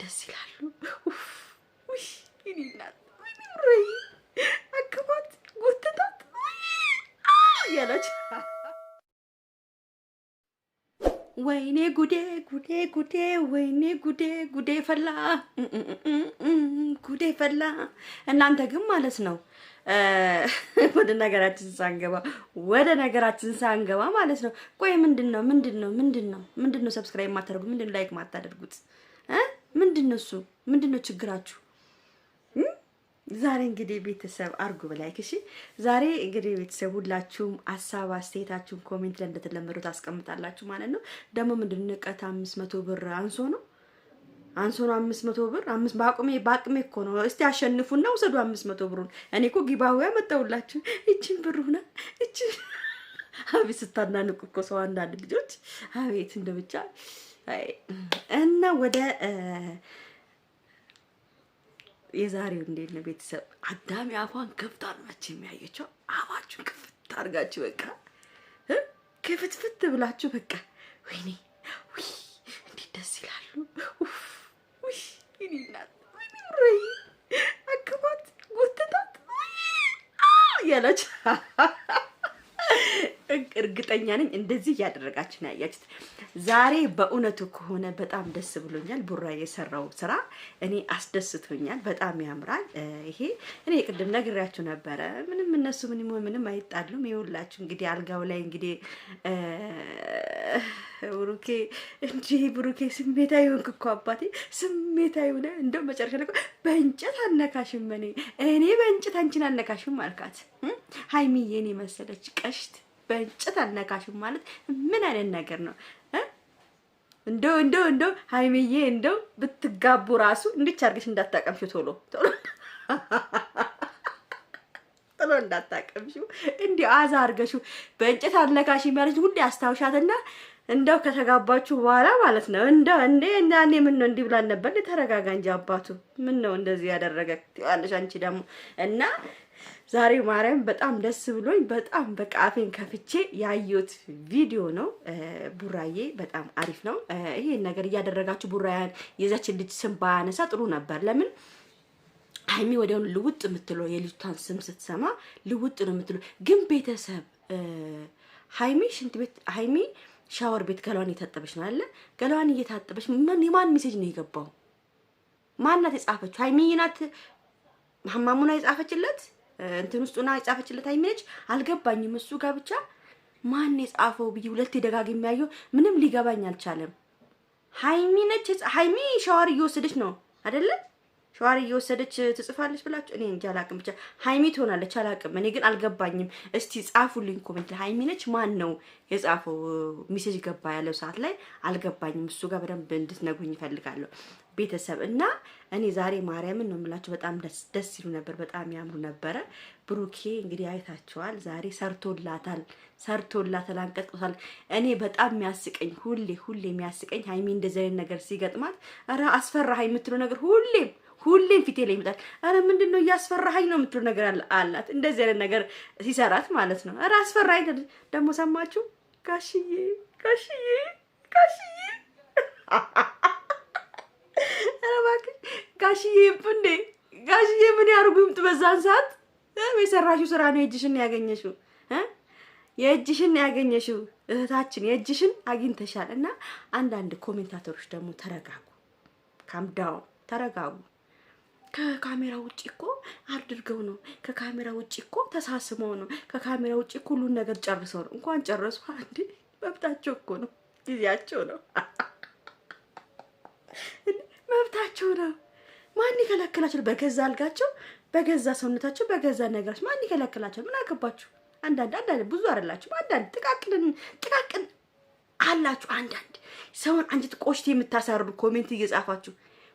ደስ ይላሉ! ይናት ወይ አግባት ወይኔ ጉዴ ጉዴ ጉዴ ወይኔ ጉዴ ጉዴ ፈላ ጉዴ ፈላ። እናንተ ግን ማለት ነው ወደ ነገራችን ሳንገባ ወደ ነገራችን ሳንገባ ማለት ነው። ቆይ ምንድን ነው ምንድን ነው ምንድን ነው ምንድን ነው ሰብስክራይብ የማታደርጉት ምንድን ነው ላይክ የማታደርጉት? ምንድን ነው እሱ? ምንድን ነው ችግራችሁ? ዛሬ እንግዲህ ቤተሰብ አርጉ በላይክ እሺ። ዛሬ እንግዲህ ቤተሰብ ሁላችሁም ሀሳብ አስተያየታችሁን ኮሜንት ላይ እንደተለመደው ታስቀምጣላችሁ ማለት ነው። ደግሞ ምንድን ነው ንቀት አምስት መቶ ብር አንሶ ነው አንሶ ነው አምስት መቶ ብር አምስት በአቅሜ በአቅሜ እኮ ነው። እስቲ አሸንፉና ውሰዱ አምስት መቶ ብሩን። እኔ እኮ ጊባዊ ያመጣውላችሁ እቺን ብር ሁና እቺ አቤት ስታናንቁ እኮ ሰው አንዳንድ ልጆች አቤት እንደብቻ እና ወደ የዛሬው እንዴት ነው ቤተሰብ? አዳሚ አፏን ከፍታ ናቸው የሚያየቸው። አፋችሁን ክፍት አድርጋችሁ በቃ ከፍትፍት ብላችሁ በቃ ወይኔ እንዴት ደስ ይላሉ። ውይ ወይኔ ጎትታት እያላችሁ እርግጠኛ ነኝ እንደዚህ እያደረጋችሁ ነው ያያችሁት። ዛሬ በእውነቱ ከሆነ በጣም ደስ ብሎኛል። ቡራ የሰራው ስራ እኔ አስደስቶኛል። በጣም ያምራል። ይሄ እኔ ቅድም ነግሬያችሁ ነበረ። ምንም እነሱ ምንም ምንም አይጣሉም። ይኸውላችሁ እንግዲህ አልጋው ላይ እንግዲህ ብሩኬ እንጂ ብሩኬ ስሜታዊ ሆንክ እኮ አባቴ፣ ስሜታዊ ሆነ። እንደው መጨረሻ ነ በእንጨት አነካሽም እኔ እኔ በእንጨት አንቺን አነካሽም አልካት። ሀይሚዬን መሰለች ቀሽት በእንጨት አልነካሽም ማለት ምን አይነት ነገር ነው? እንደው እንደው እንደው ሀይሚዬ እንደው ብትጋቡ ራሱ እንድች አድርገሽ እንዳታቀምሽው ቶሎ ቶሎ ቶሎ እንዳታቀምሽው እንዲህ አዛ አርገሹ በእንጨት አልነካሽም የሚያለች ሁሌ አስታውሻትና እንደው ከተጋባችሁ በኋላ ማለት ነው። እንደው እንዴ እናኔ ምን ነው እንዲህ ብላን ነበር። ተረጋጋ እንጂ አባቱ ምን ነው እንደዚህ ያደረገ ትላለሽ አንቺ ደግሞ እና ዛሬ ማርያም በጣም ደስ ብሎኝ በጣም በቃ አፌን ከፍቼ ያየሁት ቪዲዮ ነው። ቡራዬ በጣም አሪፍ ነው። ይሄን ነገር እያደረጋችሁ ቡራያን የዛችን ልጅ ስም ባያነሳ ጥሩ ነበር። ለምን ሀይሚ ወዲያውኑ ልውጥ የምትለው የልጅቷን ስም ስትሰማ ልውጥ ነው የምትለው። ግን ቤተሰብ ሀይሚ ሽንት ቤት ሀይሚ ሻወር ቤት ገላዋን እየታጠበች ነው አለ። ገላዋን እየታጠበች የማን ሜሴጅ ነው የገባው? ማናት የጻፈችው? ሀይሚ ናት ሀማሙና የጻፈችለት እንትን ውስጡና የጻፈችለት አይመች አልገባኝም። እሱ ጋር ብቻ ማን የጻፈው ብዬ ሁለቴ ደጋግሜ ያየው ምንም ሊገባኝ አልቻለም። ሀይሚ ነች። ሀይሚ ሻወር እየወሰደች ነው አይደለ? ሸዋሪ እየወሰደች ትጽፋለች ብላችሁ እኔ እንጂ አላቅም። ብቻ ሀይሚ ትሆናለች አላቅም። እኔ ግን አልገባኝም። እስቲ ጻፉልኝ ኮሜንት ላይ ሀይሚ ነች ማን ነው የጻፈው? ሚሴጅ ገባ ያለው ሰዓት ላይ አልገባኝም። እሱ ጋር በደንብ እንድትነግሩኝ ይፈልጋለሁ ቤተሰብ እና እኔ ዛሬ ማርያምን ነው የምላቸው። በጣም ደስ ሲሉ ነበር፣ በጣም ያምሩ ነበረ። ብሩኬ እንግዲህ አይታቸዋል። ዛሬ ሰርቶላታል፣ ሰርቶላታል፣ አንቀጥቅቷል። እኔ በጣም የሚያስቀኝ ሁሌ ሁሌ የሚያስቀኝ ሀይሚ እንደዚህ አይነት ነገር ሲገጥማት ኧረ ሀይ የምትለው ነገር ሁሌም ሁሌም ፊቴ ላይ ይመጣል። አረ ምንድን ነው እያስፈራሃኝ ነው የምትሉ ነገር አላት። እንደዚህ አይነት ነገር ሲሰራት ማለት ነው። አረ አስፈራኝ ደግሞ ሰማችሁ። ጋሽዬ ጋሽዬ ጋሽዬ አረ እባክሽ ጋሽዬ ብንዴ ጋሽዬ ምን ያርጉ ይምጡ። በዛን ሰዓት የሰራሽው ስራ ነው። የእጅሽን ያገኘሽው የእጅሽን ያገኘሽው እህታችን የእጅሽን አግኝተሻል። እና አንዳንድ ኮሜንታተሮች ደግሞ ተረጋጉ፣ ካምዳው ተረጋጉ። ከካሜራ ውጭ እኮ አድርገው ነው። ከካሜራ ውጭ እኮ ተሳስመው ነው። ከካሜራ ውጭ እኮ ሁሉን ነገር ጨርሰው ነው። እንኳን ጨረሱ። አንድ መብታቸው እኮ ነው። ጊዜያቸው ነው። መብታቸው ነው። ማን ይከለክላቸው? በገዛ አልጋቸው፣ በገዛ ሰውነታቸው፣ በገዛ ነገራቸው ማን ይከለክላቸው? ምን አገባችሁ? አንዳንድ አንዳንድ ብዙ አይደላችሁ። አንዳንድ ጥቃቅን ጥቃቅን አላችሁ። አንዳንድ ሰውን አንጀት ቆሽት የምታሳርዱ ኮሜንት እየጻፋችሁ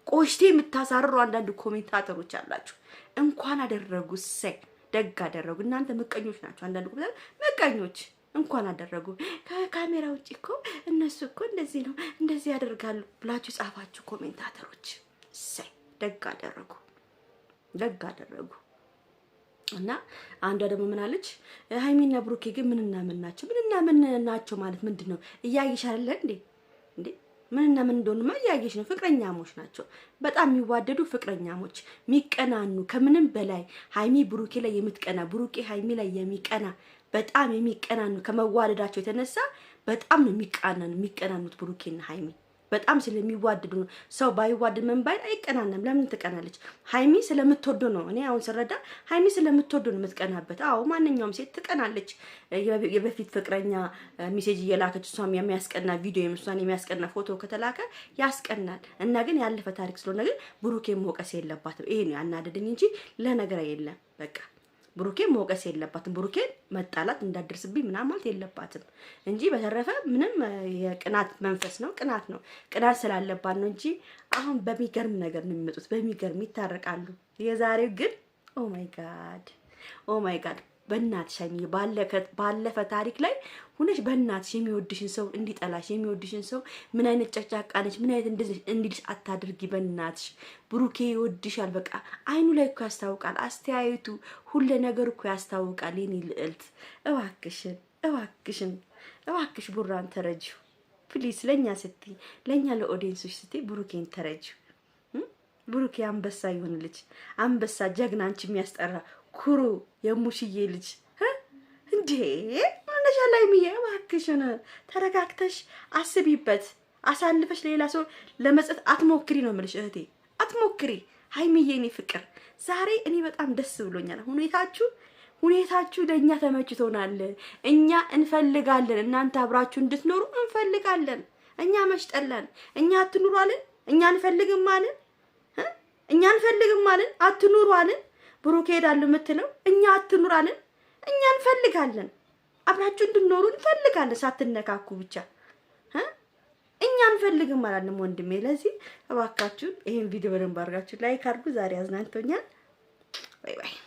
ቆሽቴ የምታሳርሩ አንዳንድ ኮሜንታተሮች አላችሁ። እንኳን አደረጉ ሰይ ደግ አደረጉ። እናንተ ምቀኞች ናቸው። አንዳንድ ኮሜንታተሮች ምቀኞች እንኳን አደረጉ። ከካሜራ ውጭ እኮ እነሱ እኮ እንደዚህ ነው እንደዚህ ያደርጋሉ ብላችሁ ጻፋችሁ ኮሜንታተሮች። እሰይ ደግ አደረጉ፣ ደግ አደረጉ። እና አንዷ ደግሞ ምን አለች? ሀይሚና ብሩኬ ግን ምንና ምን ናቸው? ምንና ምን ናቸው ማለት ምንድን ነው? እያየሻለን እንዴ ምንና ምን እንደሆነማ እያየሽ ነው። ፍቅረኛሞች ናቸው፣ በጣም የሚዋደዱ ፍቅረኛሞች፣ የሚቀናኑ ከምንም በላይ ሀይሚ ብሩኬ ላይ የምትቀና ብሩኬ ሀይሚ ላይ የሚቀና በጣም የሚቀናኑ ከመዋደዳቸው የተነሳ በጣም ነው የሚቀናኑ የሚቀናኑት ብሩኬና ሀይሚ በጣም ስለሚዋደዱ ነው። ሰው ባይዋደድ ምን ባይል አይቀናንም። ለምን ትቀናለች? ሀይሚ ስለምትወዱ ነው። እኔ አሁን ስረዳ ሀይሚ ስለምትወዱ ነው የምትቀናበት። አዎ ማንኛውም ሴት ትቀናለች። የበፊት ፍቅረኛ ሚሴጅ እየላከች እሷም የሚያስቀና ቪዲዮ እሷን የሚያስቀና ፎቶ ከተላከ ያስቀናል። እና ግን ያለፈ ታሪክ ስለሆነ ግን ብሩኬ መውቀስ የለባትም። ይሄ ነው ያናደደኝ እንጂ ለነገር የለም በቃ ብሩኬ መውቀስ የለባትም። ብሩኬ መጣላት እንዳደርስብኝ ምናምን ማለት የለባትም እንጂ በተረፈ ምንም የቅናት መንፈስ ነው። ቅናት ነው፣ ቅናት ስላለባት ነው እንጂ አሁን በሚገርም ነገር ነው የሚመጡት። በሚገርም ይታረቃሉ። የዛሬው ግን ኦ ማይ ጋድ ኦ ማይ ጋድ በእናትሽ ሀይሚ ባለፈ ታሪክ ላይ ሁነሽ በእናትሽ የሚወድሽን ሰው እንዲጠላሽ የሚወድሽን ሰው ምን አይነት ጨቅጫቃ ነች፣ ምን አይነት እንዲልሽ አታድርጊ። በእናትሽ ብሩኬ ይወድሻል። በቃ አይኑ ላይ እኮ ያስታውቃል። አስተያየቱ፣ ሁለ ነገር እኮ ያስታውቃል። የኔ ልዕልት እባክሽን፣ እባክሽን፣ እባክሽ ቡራን ተረጂው ፕሊስ። ለእኛ ስትይ፣ ለእኛ ለኦዲየንሶች ስትይ ብሩኬን ተረጂው። ብሩኬ አንበሳ ይሆንልች፣ አንበሳ ጀግና፣ አንቺ የሚያስጠራ ኩሩ የሙሽዬ ልጅ እንዴ መነሻ ላይ ምዬ እባክሽን ተረጋግተሽ አስቢበት። አሳልፈሽ ሌላ ሰው ለመስጠት አትሞክሪ ነው የምልሽ እህቴ፣ አትሞክሪ። ሀይሚዬ እኔ ፍቅር ዛሬ እኔ በጣም ደስ ብሎኛል። ሁኔታችሁ ሁኔታችሁ ለእኛ ተመችቶናል። እኛ እንፈልጋለን፣ እናንተ አብራችሁ እንድትኖሩ እንፈልጋለን። እኛ መሽጠላን እኛ አትኑሯልን? እኛ እንፈልግም አልን? እኛ እንፈልግም አልን? አትኑሯልን? ብሩክ ሄዳሉ የምትለው እኛ አትኑራንን እኛ እንፈልጋለን። አብራችሁ እንድኖሩ እንፈልጋለን። ሳትነካኩ ብቻ እኛ እንፈልግም አላለም ወንድሜ። ለዚህ እባካችሁን ይህን ቪዲዮ በደንብ አድርጋችሁ ላይክ አድርጉ። ዛሬ አዝናንቶኛል። ባይ ባይ